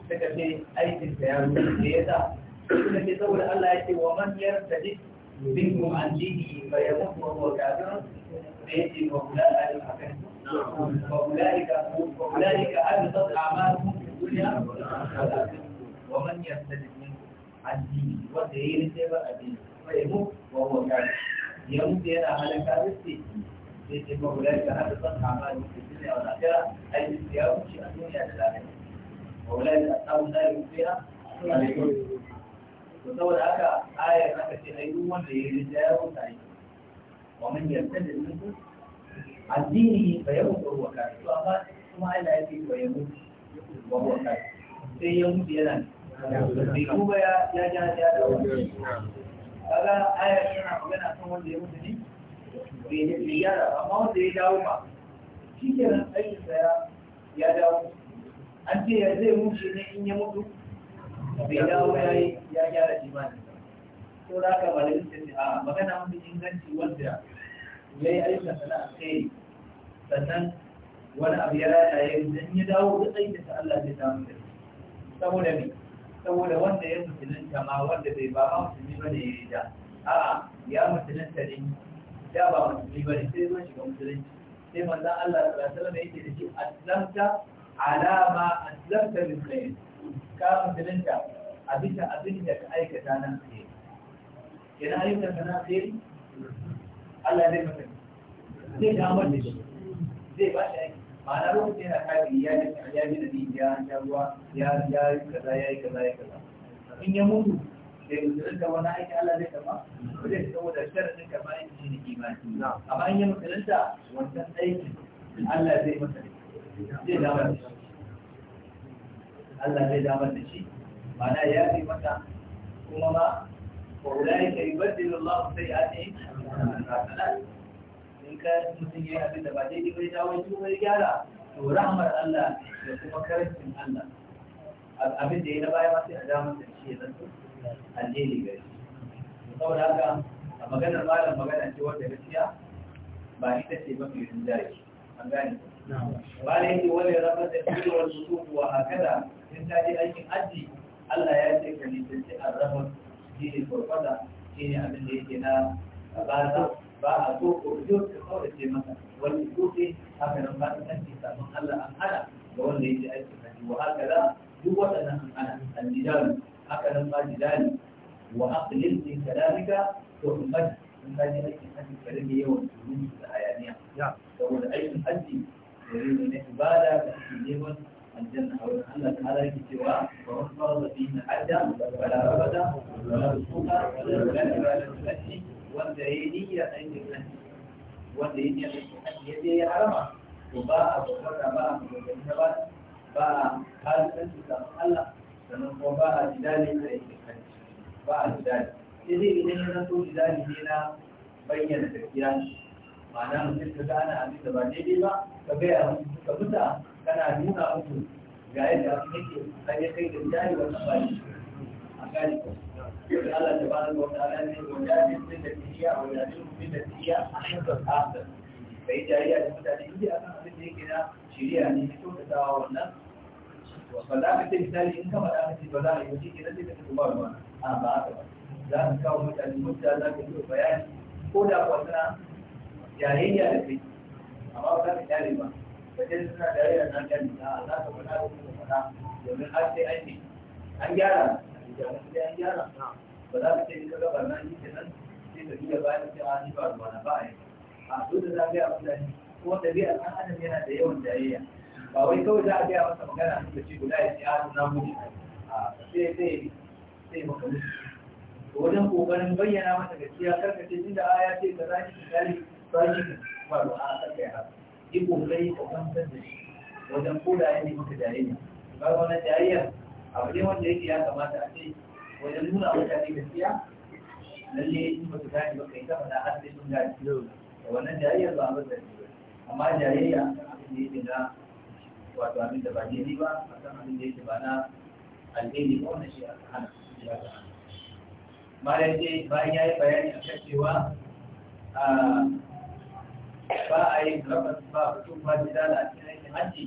suka ce aikinsa ya rufe ya sa suna ce saboda Allah ya ce wa man yartadi minkum an dini fa yamut kuma huwa kafir sai ya ce wa ulai ka wa ulai ka wa ka habitat a'maluhum fi dunya wa akhirah wa man yartadi an dini wa da yi ne ba addini fa yamut wa huwa ya yamut yana halaka sai sai ce wa ulai ka habitat a'maluhum fi dunya wa akhirah ai ya wuce a duniya da lahira wa ulai ka asabun yi yufiya alaikum saboda haka ayar haka ce ai wanda ya rinja ya rusa yi wa man yarda da ninku addini ba ya mutu wa kai to amma kuma Allah ya ce ya mutu wa wa kai sai ya mutu yana bai kuma ya ya ja ya da wani kaga ayar tana magana kan wanda ya mutu ne bai ne bai yara amma wanda ya dawo ma shi kenan aikinsa ya dawo an ce ya zai mutu ne in ya mutu bai dawo ya yi ya gyara imani ko da aka ba da ce a magana mafi inganci wanda ya yi aikin sana'a sai sannan wani abu ya rata ya yi idan ya dawo da tsaye ta Allah zai samu da saboda ne saboda wanda ya musulunta ma wanda bai ba ma musulmi ba da ya yi da a'a ya musulunta ne da ba musulmi ba ne sai zo shiga musulunci sai manzon Allah sallallahu alaihi wasallam yake da shi a ala ma a min khayr ka musulunta a bisa abin da ka aikata nan tsaye idan aikata ka na tsaye Allah zai mutum. zai damar da shi zai ba shi aiki ma'ana lokacin yana kafi ya ji ya ji da ya sha ruwa ya ya yi kaza ya yi kaza ya kaza in ya mutu sai musulunta wani aiki Allah zai karba ko zai saboda sharadin karba aiki shi ne imani amma in ya musulunta wancan aiki Allah zai masa zai damar da shi Allah zai damar da shi mana ya fi mata kuma ma wa ulai ka yubaddilu Allah sayyi'atihim yi. in ka mutum ya abin da ba daidai bai dawo shi bai gyara to rahmar Allah da kuma karancin Allah abin da ya na baya ma sai a damar da shi ya zanto alheri gari saboda haka a maganar malam magana ce wanda gaskiya ba ita ce mafi rinjaye an gane ku ba ne yake wani rabar da kudu wani suku wa akada in ta je aikin aji Allah ya ce ka nisanci a rabar shi ne farfada shi ne abin da yake na ba ba a so ko biyo ka kawai ce masa wani kuɗi haka nan ba ta kanci samun Allah an hana ga wanda yake aikin aji wa haka da duk waɗannan an hana an jidali haka nan ba jidali wa aqlil min kalamika to in ka je aikin aji ka rage yawan surutu da hayaniya saboda aikin aji gare na ibada da suke neman aljanna a wurin Allah ta ala yake cewa ba wasu farza fi na hajja ba la rabada ba la rusuka ba la ibada ba la tsashi wanda ya yi niyya aikin hajji wanda ya yi niyya aikin hajji ya je ya harama to ba a bukata ba a bukata ba ba a kalifanci ga Allah sannan kuma ba a jidali da aikin hajji ba a jidali sai dai idan ya zanto jidali ne na bayyana gaskiya ma'ana mutum ka gane abin da ba daidai ba ka gaya musu suka fita kana nuna musu ga yadda abin yake har ya kai da jari wannan ba shi a gane ko da Allah ta bani ko ta ala ne da ya fi da tiya wanda ya fi da tiya a kan da tsada kai a da mutane inda akan abin da yake na shirya ne ya to da tawa wannan ba za ka ce misali in ka faɗa ka ba za a yi wace ke nan sai ka ce ba ruwa a ba haka ba za ka kawo mutane mutta za ka yi bayani ko da kuwa suna jayayya da kai amma ba za ka kyale ba wajen suna jayayya na kyale na za ka faɗa da kuma faɗa domin har sai an yi an gyara jami'an sai an gyara ba za ka ce ka gaba na yi nan sai ka biya bayan sai an yi ba ruwa na ba a yi a duk da za ka yi abu da shi kuma ɗabi'ar ɗan adam yana da yawan jayayya ba wai kawai za a gaya masa magana a lokaci guda ya ce a ah, na mutu a sai sai sai maka mutu wajen kokarin bayyana masa gaskiya karkace da aya ce ka za ki tsari sashi ba a saka ya haka yi ka kwantar da shi wajen koda jariya ba wani jariya abu ne wanda yake ya kamata a ce wajen nuna mutane gaskiya lalle in ba su gane ba kai ta faɗa har sai sun gane da wannan jariyar ba a bar da amma jariya abin da yake na wato abin da ba daidai ba a san abin da yake ba na alheri ba wannan shi a hana ya ga hana bayan ya yi bayani a kan cewa ah, ba a yin rabas ba a mutum ba jidala a cikin aikin hajji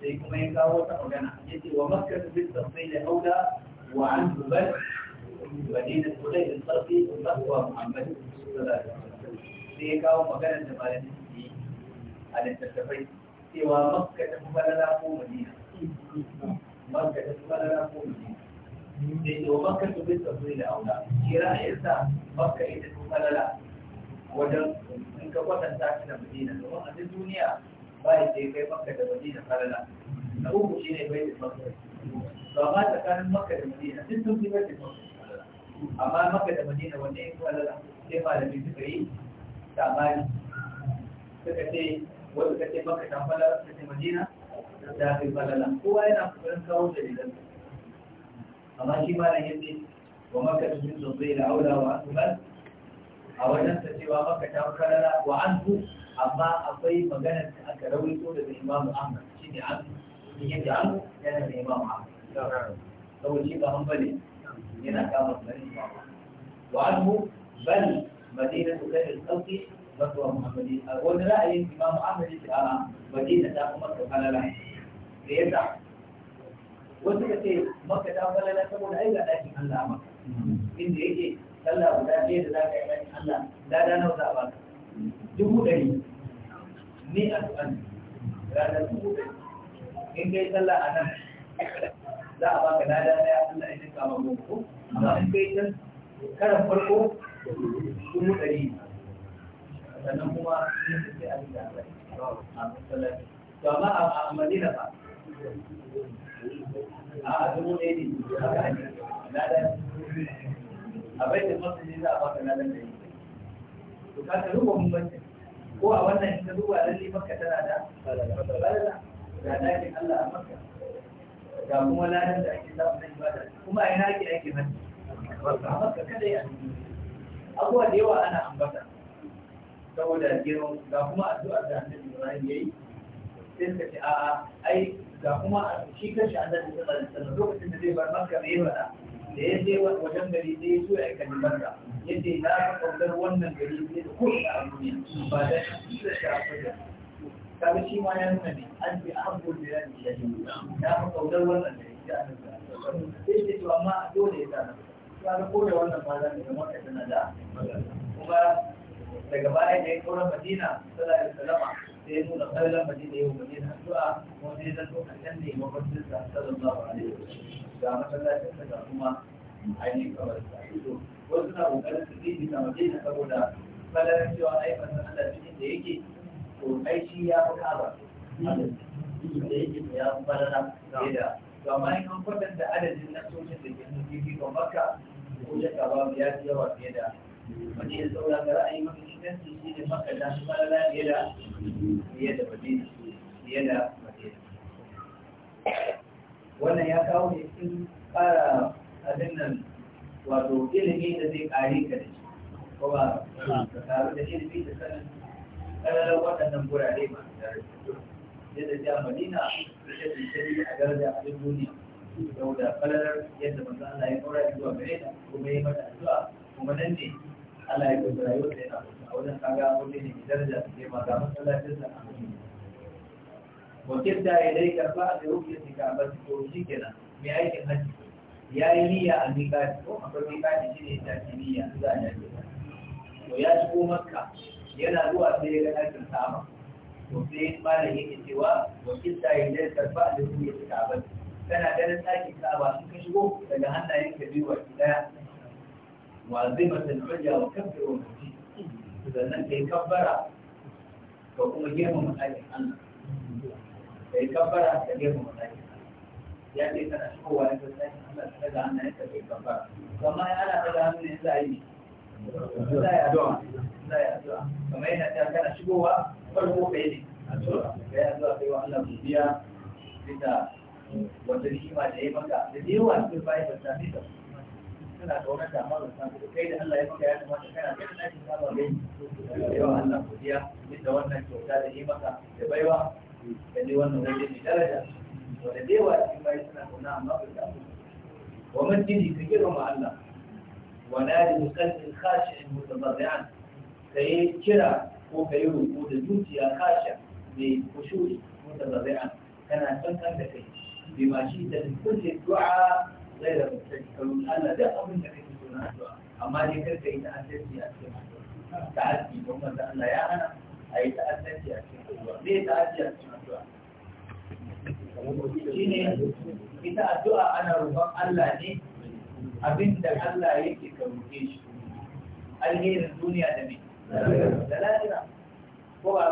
sai kuma ya kawo ta magana ya ce wa makka ta bin sassai da haula wa an zubar wa ne da sulai da sarfi da sarfuwa muhammad sai ya kawo magana da malamin su yi a littattafai cewa maka da fi falala ko madina maka da fi falala ko madina sai ce wa makka ta bin sassai da haula shi ra'ayinsa maka ita fi falala wajen in ka kwatanta shi da madina domin a duk duniya ba ya ce kai makka da madina falala na uku shine bai da makka to amma tsakanin makka da madina duk sun fi bai da makka amma makka da madina wanne ya falala sai malami suka yi samari suka ce wasu ka ce makka ta falala suka ce madina ta fi falala kowa yana kokarin kawo dalilan amma shi malam yace wa makka da sun zai da aulawa wa asubar a wajen ta cewa maka ta karara wa anhu amma akwai magana da aka rawaito daga imamu ahmad shi ne an shi yake an yana da imamu ahmad saboda shi ba hanbali yana kama sunan imamu wa anhu bal madinatu sauki khalqi fatwa muhammadin a wani ra'ayin imamu ahmad shi a a'a madina ta kuma ta karara da yasa wasu ka ce maka ta falala saboda ai ga ɗakin Allah maka inda yake sallah guda ɗaya da za ka yi ɗan Allah lada na za a baka dubu ɗari ni a tsuwan ranar dubu ɗari in kai sallah a nan za a baka lada ɗaya Allah ya dinka ma goma amma in kai can karan farko dubu ɗari sannan kuma yin da sai abin da a masallaci to amma a madina ba a dubu ɗaya ne a lada a bai da masu ne za a baka ladan da yake to ka ka ruwa mun bace ko a wannan ka duba lalle maka tana da balala da dakin Allah a maka ga kuma ladan da ake samu ba ibada kuma a yana ake ake hannu a maka kada ya abuwa da yawa ana ambata saboda girman ga kuma addu'ar da annabi Ibrahim yayi sai suka ce a'a ai ga kuma shi kanshi annabi sallallahu alaihi wasallam lokacin da zai bar maka bai fada da ya je wajen gari sai ya so ya aika limarka ya ce na kwamfar wannan gari sai da ko a duniya ba da shi da shafi kaga shi ma ya nuna ne an ce an ko da ya ce ya ce na kwamfar wannan gari da an ga sai ce to amma dole ya sa kaga ko da wannan ba za ka zama ka tana da kuma daga baya da ya kaura madina sallallahu alaihi salama sai ya nuna kallon madina yau madina addu'a wanda ya zanto a can ne mafarkinsa sallallahu alaihi wasallam ga masallacin da kuma ainihin kamar sa so wasu na kokarin su zai bisa madina saboda falalar cewa ai manzon Allah cikin da yake to ai shi ya fi kaba da yake to ya fi falala da to amma in an kwatanta adadin nasoshin da ke nufi fifikon makka ko ya kaba ya fi yawa fiye da madina saboda ga ra'ayi mafi inganci shi ne makka ta fi falala fiye da fiye da madina fiye da madina wannan ya kawo ne cikin ƙara abin nan wato ilimi da zai ƙare ka da shi ko ba ka karu da ilimi da sanin ƙararar waɗannan gurare masu daraja yadda ta madina ita ce shari'a a daraja abin duniya da falalar yadda manzo Allah ya kaura zuwa gare ta kuma ya mata zuwa. kuma nan ne Allah ya kaura yau da yana a wajen kaga wani ne daraja ke ma ga masallacinsa a madina wakil da بعد dai karfa da rufe su ka ba su shi kenan aikin hajji ya yi niyya a miƙati ko akwai shi ne ta ya yana zuwa sai ya ga ɗakin sama to sai malam yake cewa wakil da yi dai karfa da su kana ganin ɗakin in ka shigo daga hannayen ka biyu wa ɗaya wa zai mata wa kabbara ka kuma girmama ɗakin Allah da ya kabbara ta gefe mataki ya ce tana shigowa ya ta Allah ta daga hannun ta bai kabbara amma ya ana daga hannun ya za yi za yi addu'a za yi addu'a kamar yana ta kana shigowa farko bai yi ne addu'a ka yi addu'a kai wa Allah mu biya bisa wata ni'ima da ya maka da yawa cikin bayan da ta fita kana da wani damar da ta da kai da Allah ya maka ya kamata kana da ɗakin saba bai yawa Allah mu biya. da wannan kyauta da ya maka da baiwa lalle wannan waje ne daraja wanda da yawa cikin bayi suna kauna amma ba ta wa masjidi ka girma Allah wa nadi qalbin khashi'in mutadarri'an kai kira ko kai roƙo da zuciya kasha mai kushuri mutadarri'an kana tantan da kai bi ma shi da kulli du'a zai da mutakallim Allah da abin da kake so na addu'a amma dai kar ka yi ta asirci a cikin addu'a ta asirci don wanda Allah ya hana a yi ta'addanci a cikin addu'a me ta'addanci a cikin addu'a shine ita addu'a ana roƙon Allah ne Abin da Allah yake ka roƙe shi alherin duniya da me da lahira ko ba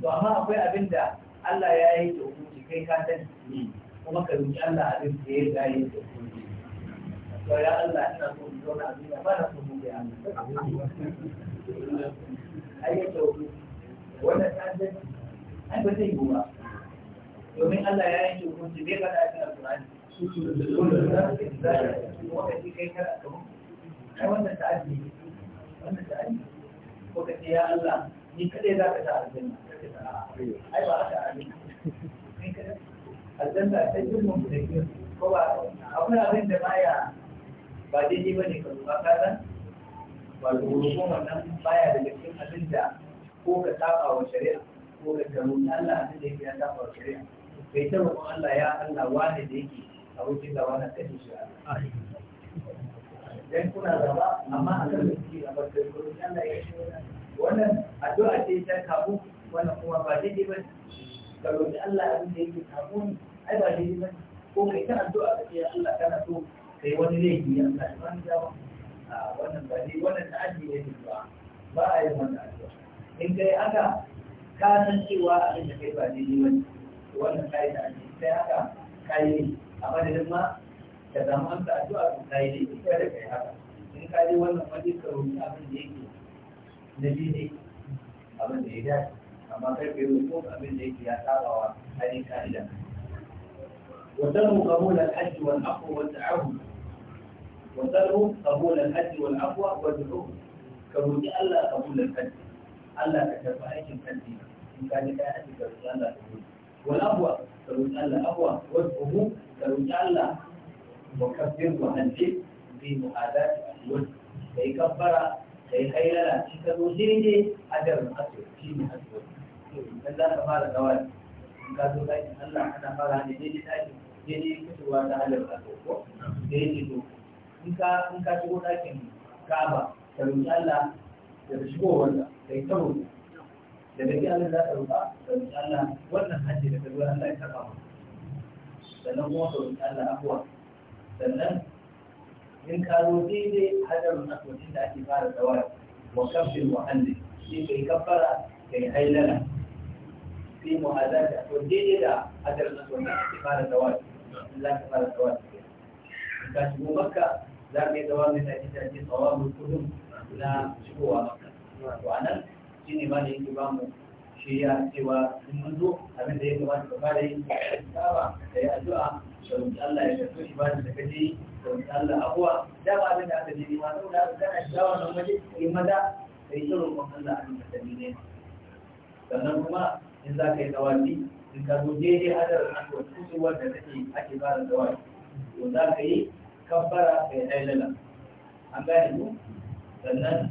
to amma akwai abin da Allah ya yi da hukunci kai ka sani kuma ka roƙi Allah abin da ya ga yi da hukunci to ya Allah ina so in zauna a duniya ba na so mu ga Allah ayyuka wannan ta'addanci ai ba zai yi ba domin Allah ya yanke hukunci bai faɗa cikin alƙur'ani lokaci kai kana kaman ta wannan ta'addi wannan ta'addi ko ka ce ya Allah ni kadai za ka ta aljanna ai ba haka aljanna aljanna ta jirgin da ke ko ba akwai abin da baya ba daidai ba ne ka ruwa ka san wato wannan baya da cikin abin da ko ka saba wa shari'a ko ka taruki Allah abin da yake ya saba wa shari'a kai ta roƙon Allah ya Allah wani da yake a wucin da wani kashe shi dan kuna gaba amma a kan lokaci a barkar gurin Allah ya shi wannan addu'a ce ta kabu wannan kuma ba daidai ba ka roƙi Allah abin da yake kabu ai ba daidai ba ko kai ta addu'a ka ce Allah kana so kai wani laifi ya Allah ba wani dawa wannan ba dai wannan ta'addi ne ba ba a yi wannan addu'a in kai haka ka cewa abin da kai ba wannan kayi da ake sai haka kayi a madadin ma ka samu amsa addu'a kai da kai haka in wannan wani abin da yake na abin da amma kai kai abin da yake ya saba wa hali قبول الحج والعفو والتعاون قبول الحج والعفو كبوتي الله قبول الحج Allah ka tafi aikin kan dina in ka ji kai aiki ka roƙi Allah da ka roƙi Allah ka roƙi Allah wa bi ka zo daidai shi ne dan za ka fara in ka zo Allah ana fara ne daidai ɗakin daidai fitowa ta ajarin asir ko daidai to in ka shigo ɗakin ka roƙi Allah da ta shigo wanda da ita roƙa da bai Allah za ta roƙa da roƙi Allah wannan hajji da ta zo Allah ya taɓa mu sannan kuma ka roƙi Allah afuwa sannan in ka zo daidai hadarin asibiti da ake fara tsawara wa kafin muhalli shi ka yi kafara ka yi hailala sai muhallata to daidai da hadarin asibiti da ake fara tsawara Allah ka fara tsawara ka shigo makka za ka yi tsawabin da ita ce tsawabin kudin na shigowa maka to a nan shi ne ma da yake ba mu shi ya cewa sun mun abin da ya kamata ka fara yi a saba da ya addu'a da wuce Allah ya karɓo shi bayan da kaje da wuce Allah abuwa da ba abin da aka je nema da aka gana shiga wannan waje yi maza ka yi tsaro kan Allah a cikin sani ne sannan kuma in za ka yi tsawabi in ka zo daidai hadarin asuwar kusurwar da take ake fara tsawabi to za ka yi kabbara ya hailala an gane ku sannan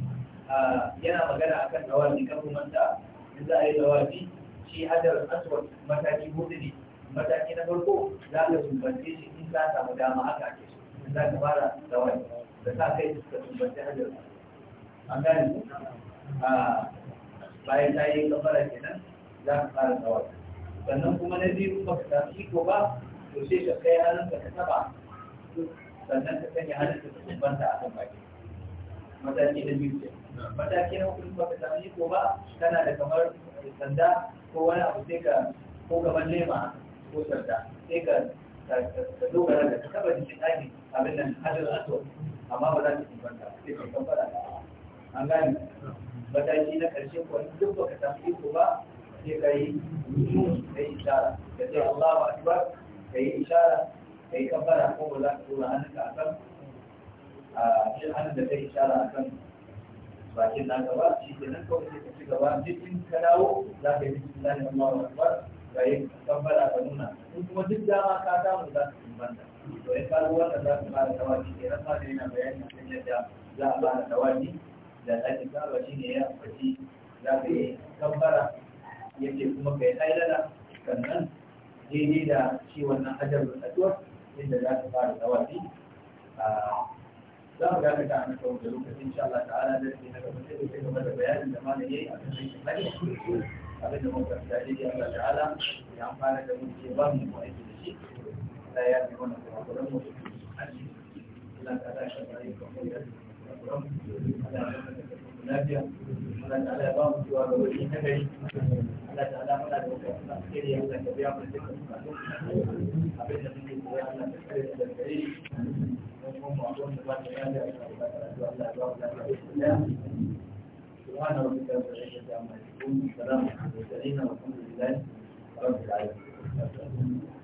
yana magana a kan dawafi kan kuma ta in za a yi dawafi shi hajar aswad mataki hudu ne mataki na farko za ka sumbance shi in za samu dama haka ake su, in za ka fara dawafi da sa kai ka sumbance hajar an gane ku bayan ta yi kabbara kenan za ka fara dawafi sannan kuma na biyu ba ka samu iko ba to sai ka kai hannunka ka taba sannan ka sanya hannun da kubanta a kan baki mataki na biyu ce. mataki na hukumin baka sami ko ba kana da kamar sanda ko wani abu sai ka ko kamar lema ko sanda sai ka ka dogara da ka taba jikin ɗaki abin nan hajjar aso amma ba za ka kubanta sai ka kan fara an gani mataki na karshe ko duk baka sami ko ba sai ka yi nuni ka yi ishara ka ce Allahu Akbar ka yi ishara kai yi kafara ko ba za ka tura hannunka a kan a shi hannun da ka yi shara a kan bakin na gaba shi ke nan kawai sai ka ci gaba jikin ka dawo za ka yi jikin lahi amma wa akbar ka yi kafara ka nuna in kuma duk dama ka damu za ka kumbanta to ya faru wanda za ka fara tawaji ke nan ma da yana bayani kan yadda za a fara tawaji da ake saba shi ne ya ambaci za ka yi kafara yake kuma ka yi hailala sannan daidai da shi wannan hajjar da inda za ta fara tawafi ah, za mu ga ta an kawo da lokacin insha Allah ta'ala da ke daga mutum da ke game da bayanin da mana yayi a cikin aikin hajji abin da muka da daidai Allah ta'ala ya fara da mu ke ba mu aiki da shi da ya yi wannan kuma da mu Allah ta'ala shi ne kuma da ya Allah ta'ala lafiya Allah ta'ala ya ba mu cewa ga wani ta gari Allah ta'ala muna da wata alheri Allah ta biya mu dukkan bukatu abin da muke koya Allah ta kare mu daga gare kuma mu abin da ba ta yana da Allah ya ba mu lafiya سبحان ربك رب العزة عما يصفون وسلام على المرسلين والحمد لله رب العالمين